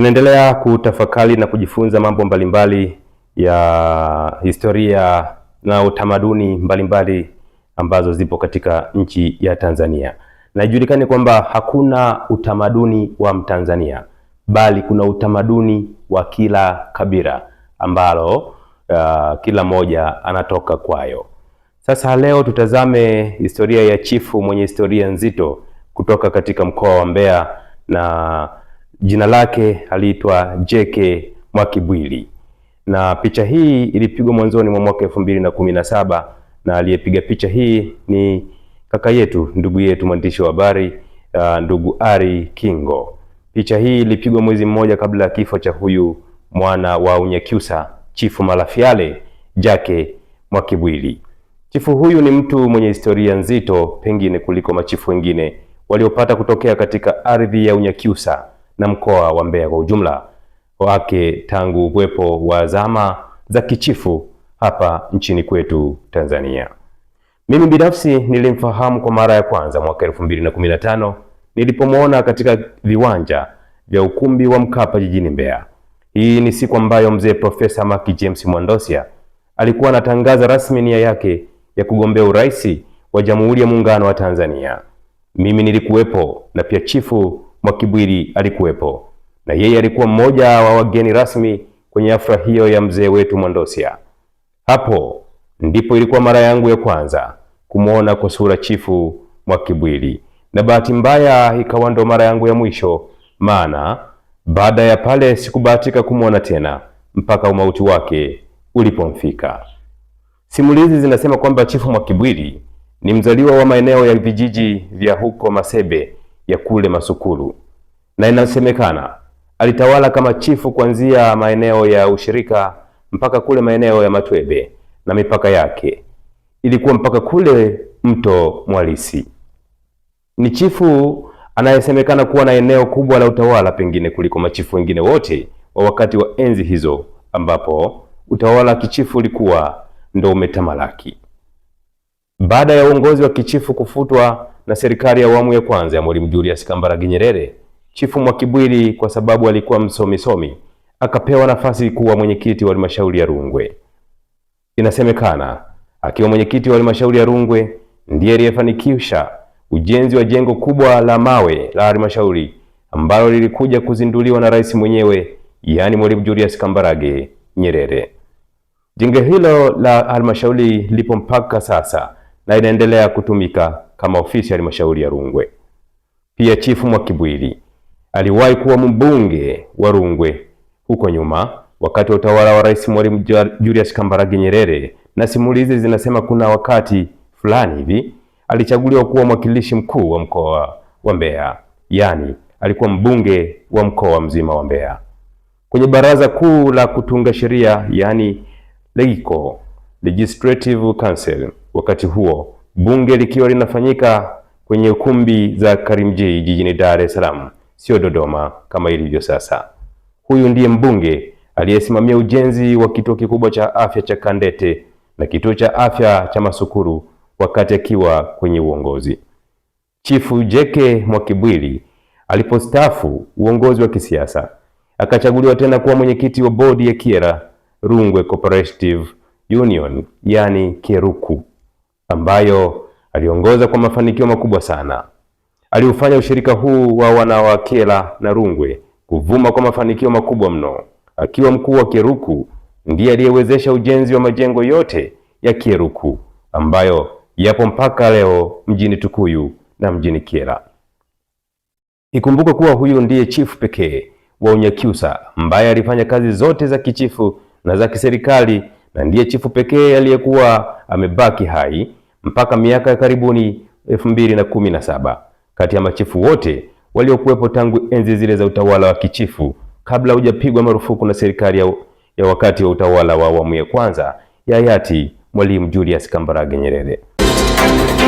Tunaendelea kutafakari na kujifunza mambo mbalimbali ya historia na utamaduni mbalimbali ambazo zipo katika nchi ya Tanzania. Na ijulikane kwamba hakuna utamaduni wa Mtanzania bali kuna utamaduni wa kila kabila ambalo uh, kila moja anatoka kwayo. Sasa leo tutazame historia ya chifu mwenye historia nzito kutoka katika mkoa wa Mbeya na jina lake aliitwa JK Mwakibwili na picha hii ilipigwa mwanzoni mwa mwaka elfu mbili na kumi na saba na aliyepiga picha hii ni kaka yetu ndugu yetu mwandishi wa habari uh, ndugu Ari Kingo. Picha hii ilipigwa mwezi mmoja kabla ya kifo cha huyu mwana wa Unyakyusa Chifu Malafiale Jake Mwakibwili. Chifu huyu ni mtu mwenye historia nzito, pengine kuliko machifu wengine waliopata kutokea katika ardhi ya Unyakyusa na mkoa wa Mbeya kwa ujumla wake tangu uwepo wa zama za kichifu hapa nchini kwetu Tanzania. Mimi binafsi nilimfahamu kwa mara ya kwanza mwaka 2015 nilipomwona katika viwanja vya ukumbi wa Mkapa jijini Mbeya. Hii ni siku ambayo mzee Profesa Maki James Mwandosia alikuwa anatangaza rasmi nia yake ya kugombea urais wa Jamhuri ya Muungano wa Tanzania. Mimi nilikuwepo na pia Chifu Mwakibwiri alikuwepo na yeye alikuwa mmoja wa wageni rasmi kwenye hafla hiyo ya mzee wetu Mondosya. Hapo ndipo ilikuwa mara yangu ya kwanza kumwona kwa sura Chifu Mwakibwiri, na bahati mbaya ikawa ndo mara yangu ya mwisho, maana baada ya pale sikubahatika kumwona tena mpaka umauti wake ulipomfika. Simulizi zinasema kwamba Chifu Mwakibwiri ni mzaliwa wa maeneo ya vijiji vya huko Masebe ya kule Masukulu, na inasemekana alitawala kama chifu kuanzia maeneo ya ushirika mpaka kule maeneo ya Matwebe na mipaka yake ilikuwa mpaka kule mto Mwalisi. Ni chifu anayesemekana kuwa na eneo kubwa la utawala pengine kuliko machifu wengine wote wa wakati wa enzi hizo, ambapo utawala wa kichifu ulikuwa ndo umetamalaki. Baada ya uongozi wa kichifu kufutwa na serikali ya awamu ya kwanza ya Mwalimu Julius Kambarage Nyerere, Chifu Mwakibwili kwa sababu alikuwa msomisomi akapewa nafasi kuwa mwenyekiti wa halmashauri ya Rungwe. Inasemekana akiwa mwenyekiti wa halmashauri ya Rungwe ndiye aliyefanikisha ujenzi wa jengo kubwa la mawe la halmashauri ambalo lilikuja kuzinduliwa na rais mwenyewe, yaani Mwalimu Julius Kambarage Nyerere. Jengo hilo la halmashauri lipo mpaka sasa na inaendelea kutumika kama ofisi ya halmashauri ya Rungwe. Pia Chifu Mwakibwili aliwahi kuwa mbunge wa Rungwe huko nyuma wakati wa utawala wa Rais Mwalimu Julius Kambarage Nyerere, na simulizi zinasema kuna wakati fulani hivi alichaguliwa kuwa mwakilishi mkuu wa mkoa wa Mbeya, yaani alikuwa mbunge wa mkoa mzima wa Mbeya kwenye baraza kuu la kutunga sheria, yaani legiko, Legislative Council, wakati huo bunge likiwa linafanyika kwenye ukumbi za Karimjee jijini Dar es Salaam, sio Dodoma kama ilivyo sasa. Huyu ndiye mbunge aliyesimamia ujenzi wa kituo kikubwa cha afya cha Kandete na kituo cha afya cha Masukuru wakati akiwa kwenye uongozi. Chifu Jeke Mwakibwili alipostaafu uongozi wa kisiasa akachaguliwa tena kuwa mwenyekiti wa bodi ya kiera Rungwe Cooperative Union, yani Keruku ambayo aliongoza kwa mafanikio makubwa sana. Aliufanya ushirika huu wa wanawakela na Rungwe kuvuma kwa mafanikio makubwa mno. Akiwa mkuu wa Kieruku, ndiye aliyewezesha ujenzi wa majengo yote ya Kieruku ambayo yapo mpaka leo mjini Tukuyu na mjini Kyela. Ikumbuke kuwa huyu ndiye chifu pekee wa Unyakyusa ambaye alifanya kazi zote za kichifu na za kiserikali na ndiye chifu pekee aliyekuwa amebaki hai mpaka miaka ya karibuni 2017 kati ya machifu wote waliokuwepo tangu enzi zile za utawala wa kichifu kabla hujapigwa marufuku na serikali ya, ya wakati wa utawala wa awamu ya kwanza ya hayati Mwalimu Julius Kambarage Nyerere.